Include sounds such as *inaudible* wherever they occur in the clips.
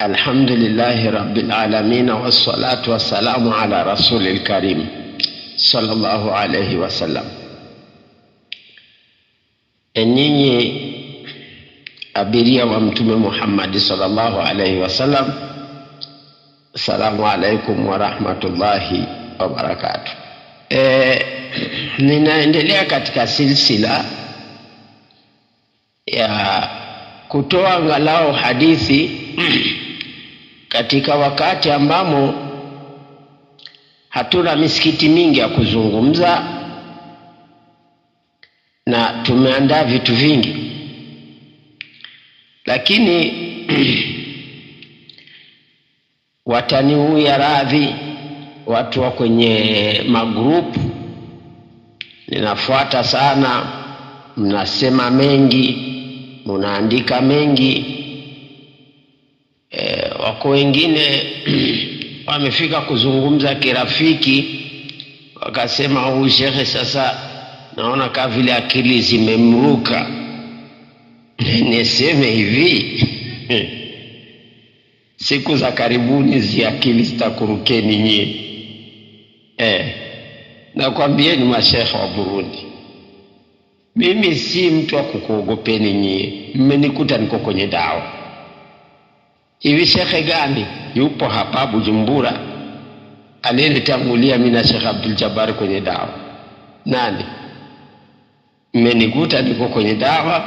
Alhamdulillahi rabbil alamin wassalatu wassalamu ala rasulil karim sallallahu alayhi wasallam. Enyinyi abiria wa Mtume Muhammadi sallallahu alayhi wasallam, assalamu alaikum warahmatullahi wabarakatuh. E, ninaendelea katika silsila ya kutoa angalau hadithi *clears throat* katika wakati ambamo hatuna misikiti mingi ya kuzungumza na tumeandaa vitu vingi, lakini *clears throat* watani radhi, watu wa kwenye magrupu ninafuata sana, mnasema mengi, mnaandika mengi wako wengine *clears throat* wamefika kuzungumza kirafiki, wakasema huyu shekhe sasa naona kaa vile akili zimemruka. *laughs* Niseme hivi *laughs* siku za karibuni zi akili zitakurukeni nyie. Eh, nakwambieni mashekhe wa Burundi, mimi si mtu wa kukuogopeni nyie, mmenikuta niko kwenye dawa hivi Shekhe gani yupo hapa Bujumbura, aliyenitangulia mimi na Shekhe Abdul Jabbar kwenye dawa. Nani mmenikuta niko kwenye dawa,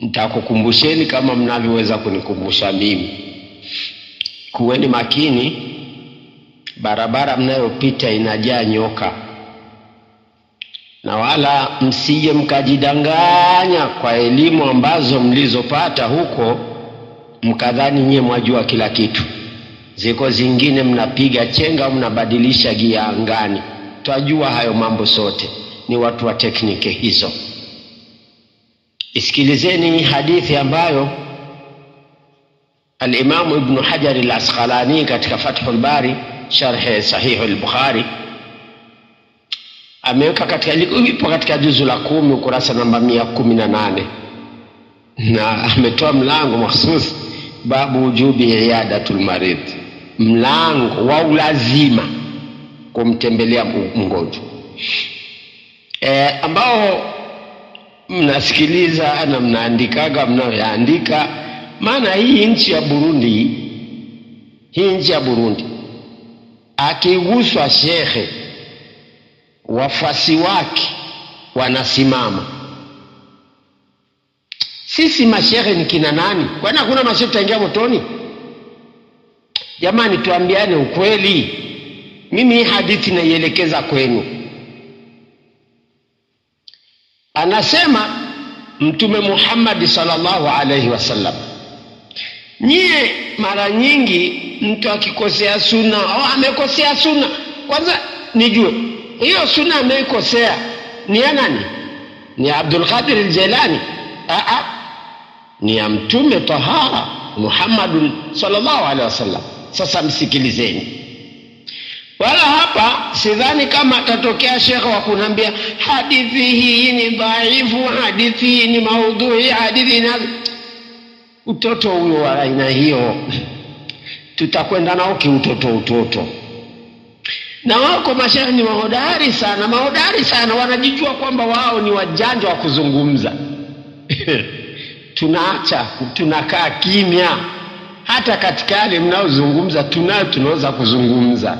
nitakukumbusheni kama mnavyoweza kunikumbusha mimi. Kuweni makini, barabara mnayopita inajaa nyoka, na wala msije mkajidanganya kwa elimu ambazo mlizopata huko mkadhani nyie mwajua kila kitu. Ziko zingine mnapiga chenga, mnabadilisha gia angani. Twajua hayo mambo sote, ni watu wa tekniki hizo. Isikilizeni hadithi ambayo Alimamu Ibnu hajar Al-Asqalani katika Fathul Bari sharhe Sahihu Al-Bukhari ameweka katika, ipo katika juzu la kumi ukurasa namba mia kumi na nane na ametoa mlango mahsusi babu ujubi iadatul marid, mlango wa ulazima kumtembelea mgonjwa. E, ambao mnasikiliza na mnaandikaga mnayoandika, maana hii nchi ya Burundi, hii nchi ya Burundi, akiguswa shekhe, wafasi wake wanasimama sisi mashehe ni kina nani? Kwani hakuna mashehe tutaingia motoni? Jamani, tuambiane ukweli. Mimi hii hadithi naielekeza kwenu. Anasema Mtume Muhammad sallallahu alaihi wasallam, nyie mara nyingi mtu akikosea suna au amekosea suna, kwanza nijue hiyo suna ameikosea ni ya nani? Ni Abdul Qadir al-Jilani? Ah, ah ni ya Mtume Tahara Muhammadun sallallahu alaihi wasallam. Sasa msikilizeni, wala hapa sidhani kama atatokea shekhe wa kunambia hadithi hii ni dhaifu, hadithi hii ni maudhui, hadithi na utoto huyo wa aina hiyo tutakwenda nao kiutoto utoto. Na wako mashehe ni mahodari sana, mahodari sana, wanajijua kwamba wao ni wajanja wa kuzungumza *laughs* tunaacha, tunakaa kimya. Hata katika yale mnayozungumza, tunayo tunaweza kuzungumza.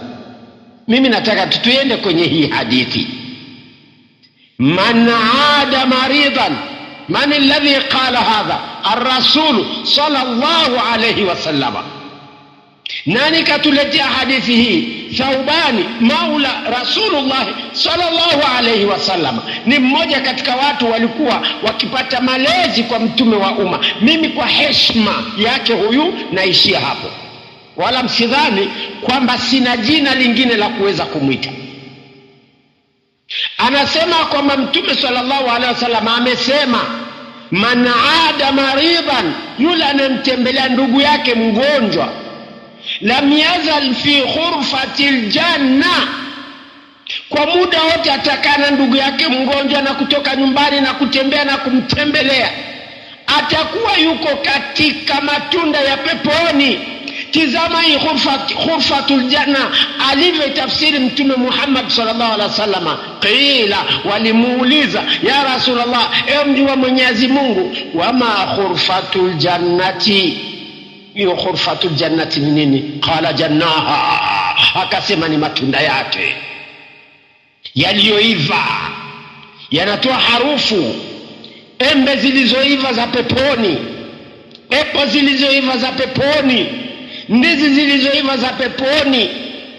Mimi nataka tutuende kwenye hii hadithi, man ada maridan man alladhi qala hadha arrasulu sallallahu alayhi wasallama. Nani katuletea hadithi hii? Thaubani maula Rasulullah sallallahu alayhi wasallam ni mmoja katika watu walikuwa wakipata malezi kwa mtume wa umma. Mimi kwa heshima yake huyu naishia hapo, wala msidhani kwamba sina jina lingine la kuweza kumwita. Anasema kwamba mtume sallallahu alayhi wasallam amesema, man ada maridan, yule anayemtembelea ndugu yake mgonjwa lam yazal fi khurfati ljanna, kwa muda wote atakana ndugu yake mgonjwa na kutoka nyumbani na kutembea na kumtembelea, atakuwa yuko katika matunda ya peponi. Tizama hii ghurfatu ljanna alivyotafsiri Mtume muhammadi llahu alehi wa sallama Qila, walimuuliza ya llah ewe mjuwa Mwenyezi Mungu, wama ghurfatu ljannati hiyo khurfatul jannati ni nini? Qala jannaha, akasema ni matunda yake yaliyoiva yanatoa harufu. Embe zilizoiva za peponi, epo zilizoiva za peponi, ndizi zilizoiva za peponi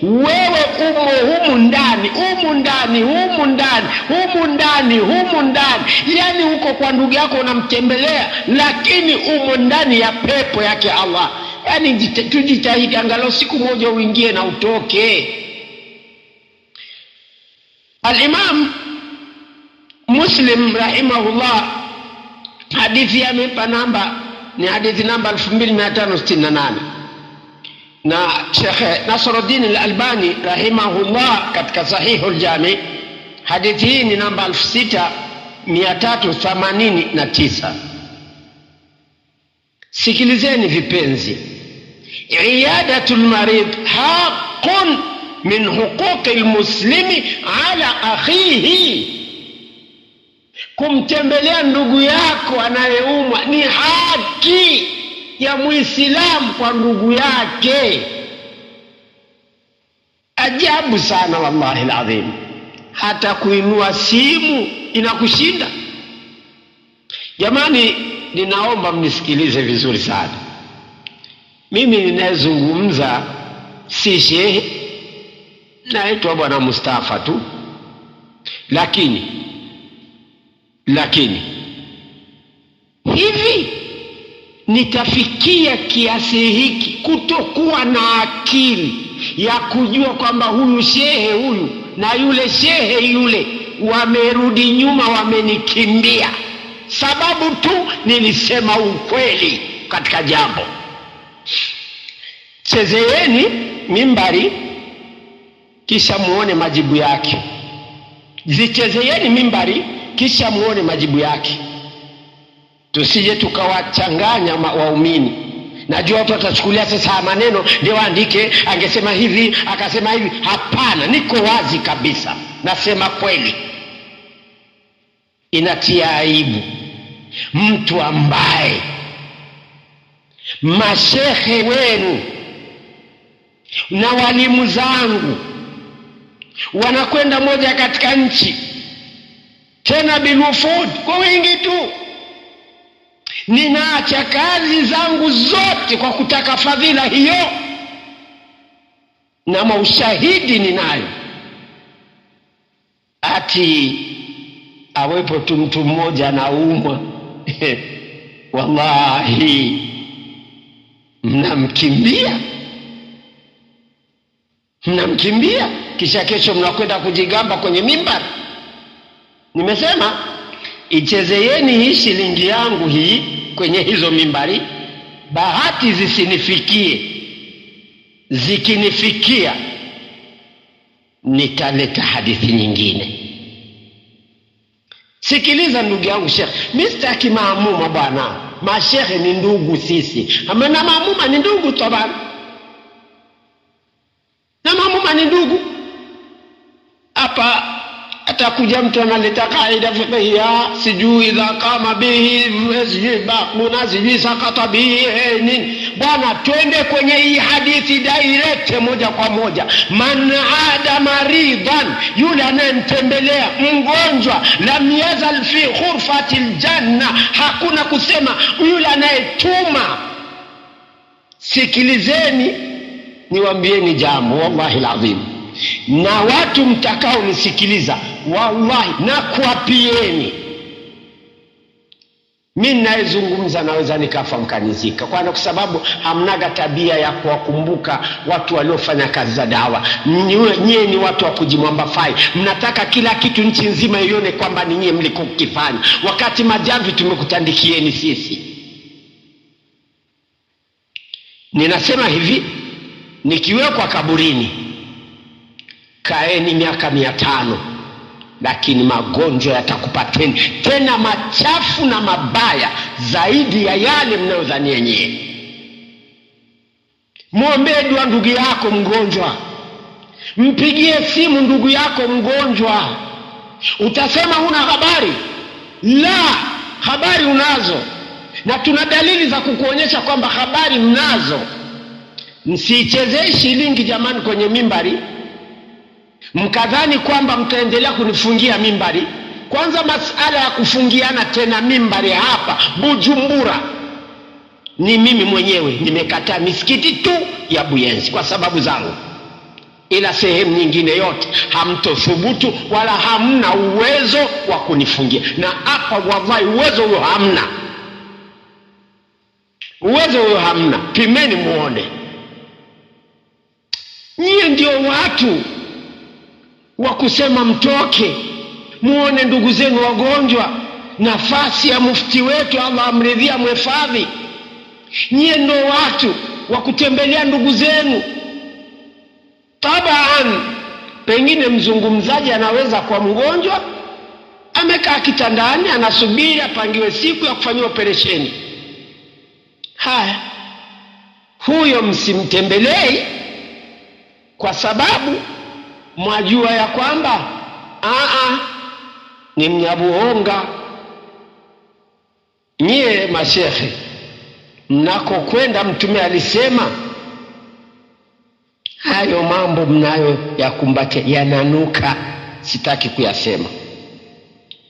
wewe umo humu ndani, humu ndani, humu ndani, humu ndani, humu ndani. Yani uko kwa ndugu yako unamtembelea, lakini umo ndani ya pepo yake Allah. Yani tujitahidi angalau siku moja uingie na utoke. Alimam Muslim rahimahullah, hadithi yamepa namba ni hadithi namba 2568 na Shekhe Nasruddin al-Albani rahimahullah katika Sahihu al-Jami, hadithi hii ni namba 6389. Sikilizeni vipenzi, iyadatul lmarid haqun min huquqi lmuslimi ala akhihi, kumtembelea ndugu yako anayeumwa ni haki ya Muislamu kwa ndugu yake. Ajabu sana, wallahi alazim. Hata kuinua simu inakushinda. Jamani, ninaomba mnisikilize vizuri sana. Mimi ninayezungumza si shehe, naitwa Bwana Mustafa tu, lakini lakini hivi nitafikia kiasi hiki, kutokuwa na akili ya kujua kwamba huyu shehe huyu na yule shehe yule wamerudi nyuma, wamenikimbia sababu tu nilisema ukweli katika jambo. Chezeeni mimbari kisha muone majibu yake, zichezeeni mimbari kisha muone majibu yake tusije tukawachanganya waumini najua watu watachukulia sasa maneno ndio waandike angesema hivi akasema hivi hapana niko wazi kabisa nasema kweli inatia aibu mtu ambaye mashehe wenu na walimu zangu wanakwenda moja katika nchi tena bilufud kwa wingi tu ninaacha kazi zangu zote kwa kutaka fadhila hiyo, na maushahidi ninayo. Ati awepo tu mtu mmoja anaumwa *laughs* wallahi, mnamkimbia mnamkimbia, kisha kesho mnakwenda kujigamba kwenye mimbari. Nimesema ichezeyeni hii shilingi yangu hii kwenye hizo mimbari, bahati zisinifikie. Zikinifikia nitaleta hadithi nyingine. Sikiliza ndugu yangu shekhe, mimi sitaki maamuma bwana. mashekhe ni ndugu sisi, ama maamuma ni ndugu tabana, na maamuma ni ndugu hapa atakuja mtu analeta kaida fiqhia, sijui idha kama bihi, sijui sijui sakata bihi eh, nini. Bwana, twende kwenye hii hadithi direct, moja kwa moja. Man ada maridan, yule anayemtembelea mgonjwa, lam yazal fi khurfati ljanna, hakuna kusema yule anayetuma. Sikilizeni niwambieni jambo, wallahi ladhim na watu mtakaonisikiliza, wallahi na kuapieni, mi ninayezungumza naweza nikafa mkanizika, kwana kwa sababu hamnaga tabia ya kuwakumbuka watu waliofanya kazi za dawa. Nyie ni watu wa kujimwambafai, mnataka kila kitu nchi nzima ione kwamba ni nyie mlikokifanya, wakati majavi tumekutandikieni sisi. Ninasema hivi nikiwekwa kaburini kaeni miaka mia tano lakini magonjwa yatakupateni tena machafu na mabaya zaidi ya yale mnayodhani yenyewe. Mwombee dua ndugu yako mgonjwa, mpigie simu ndugu yako mgonjwa. Utasema huna habari? La, habari unazo, na tuna dalili za kukuonyesha kwamba habari mnazo. Msiichezee shilingi jamani, kwenye mimbari mkadhani kwamba mtaendelea kunifungia mimbari. Kwanza masala ya kufungiana tena mimbari hapa Bujumbura ni mimi mwenyewe nimekataa misikiti tu ya Buyenzi kwa sababu zangu, ila sehemu nyingine yote hamtothubutu wala hamna uwezo wa kunifungia. Na hapa wallahi, uwezo huyo hamna, uwezo huyo hamna. Pimeni muone, nyie ndio watu wa kusema mtoke muone ndugu zenu wagonjwa, nafasi ya mufti wetu, Allah amridhia, mwefadhi. Nyie ndo watu wa kutembelea ndugu zenu. Tabaan, pengine mzungumzaji anaweza kwa mgonjwa amekaa kitandani, anasubiri apangiwe siku ya kufanyiwa operesheni. Haya, huyo msimtembelei kwa sababu mwajua ya kwamba aa, ni mnyabuonga nyie mashekhe mnakokwenda mtume alisema hayo mambo mnayo yakumbatia yananuka sitaki kuyasema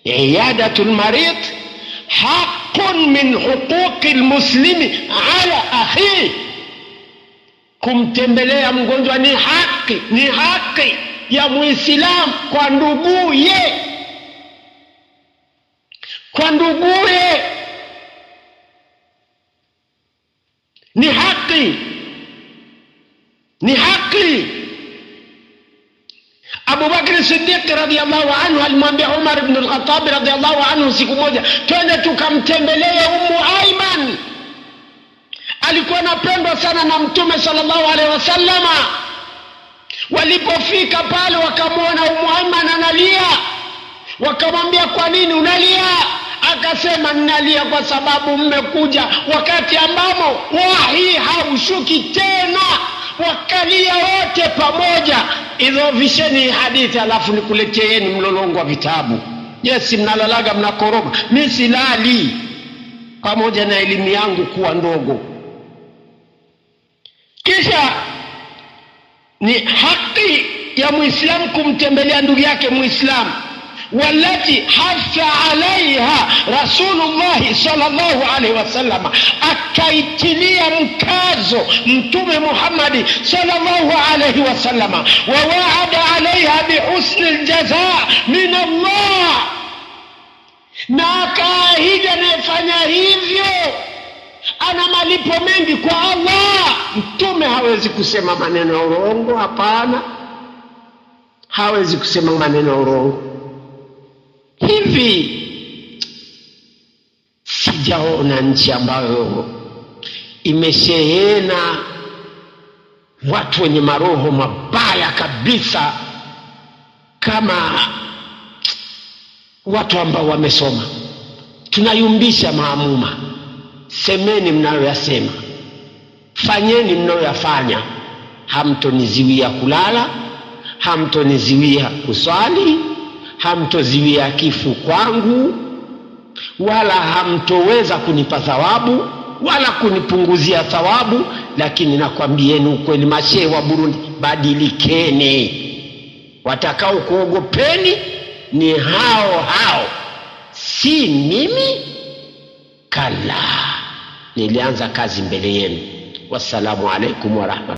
iyadatul marid haqqun min huquqi lmuslimi ala akhihi kumtembelea mgonjwa ni haki ni haki ya muislam kwa nduguye, kwa nduguye ni haki, ni haki. Abubakri Siddiqi radhiallahu anhu alimwambia Umar ibn al-Khattab radhiallahu anhu siku moja, twende tukamtembelee Ummu Aiman. Alikuwa anapendwa sana na Mtume sallallahu alaihi wasallama Walipofika pale wakamwona muhammad analia, wakamwambia kwa nini unalia? Akasema ninalia kwa sababu mmekuja wakati ambamo wahi haushuki tena. Wakalia wote pamoja. Idhoofisheni hadithi, alafu nikuleteeni mlolongo wa vitabu. Jesi mnalalaga mnakoroga, mi silali, pamoja na elimu yangu kuwa ndogo, kisha ni haki ya Muislamu kumtembelea ndugu yake Muislamu walati hasa alaiha Rasulullahi sallallahu alaihi wasallam, akaitilia mkazo Mtume Muhammadi sallallahu alaihi wasallam, wawaada alaiha bihusni ljaza min Allah, na akaahidi anayefanya hivyo ana malipo mengi kwa Allah. Mtume hawezi kusema maneno ya urongo, hapana, hawezi kusema maneno ya urongo. Hivi sijaona nchi ambayo imeshehena watu wenye maroho mabaya kabisa kama watu ambao wamesoma. Tunayumbisha maamuma semeni mnayoyasema, fanyeni mnayoyafanya. Hamtoniziwia kulala, hamtoniziwia kuswali, hamtoziwia kifu kwangu, wala hamtoweza kunipa thawabu wala kunipunguzia thawabu. Lakini nakwambieni ukweli, mashehe wa Burundi, badilikeni. Watakao kuogopeni ni hao hao, si mimi. Kalaa nilianza kazi mbele yenu. Wassalamu alaikum warahmatu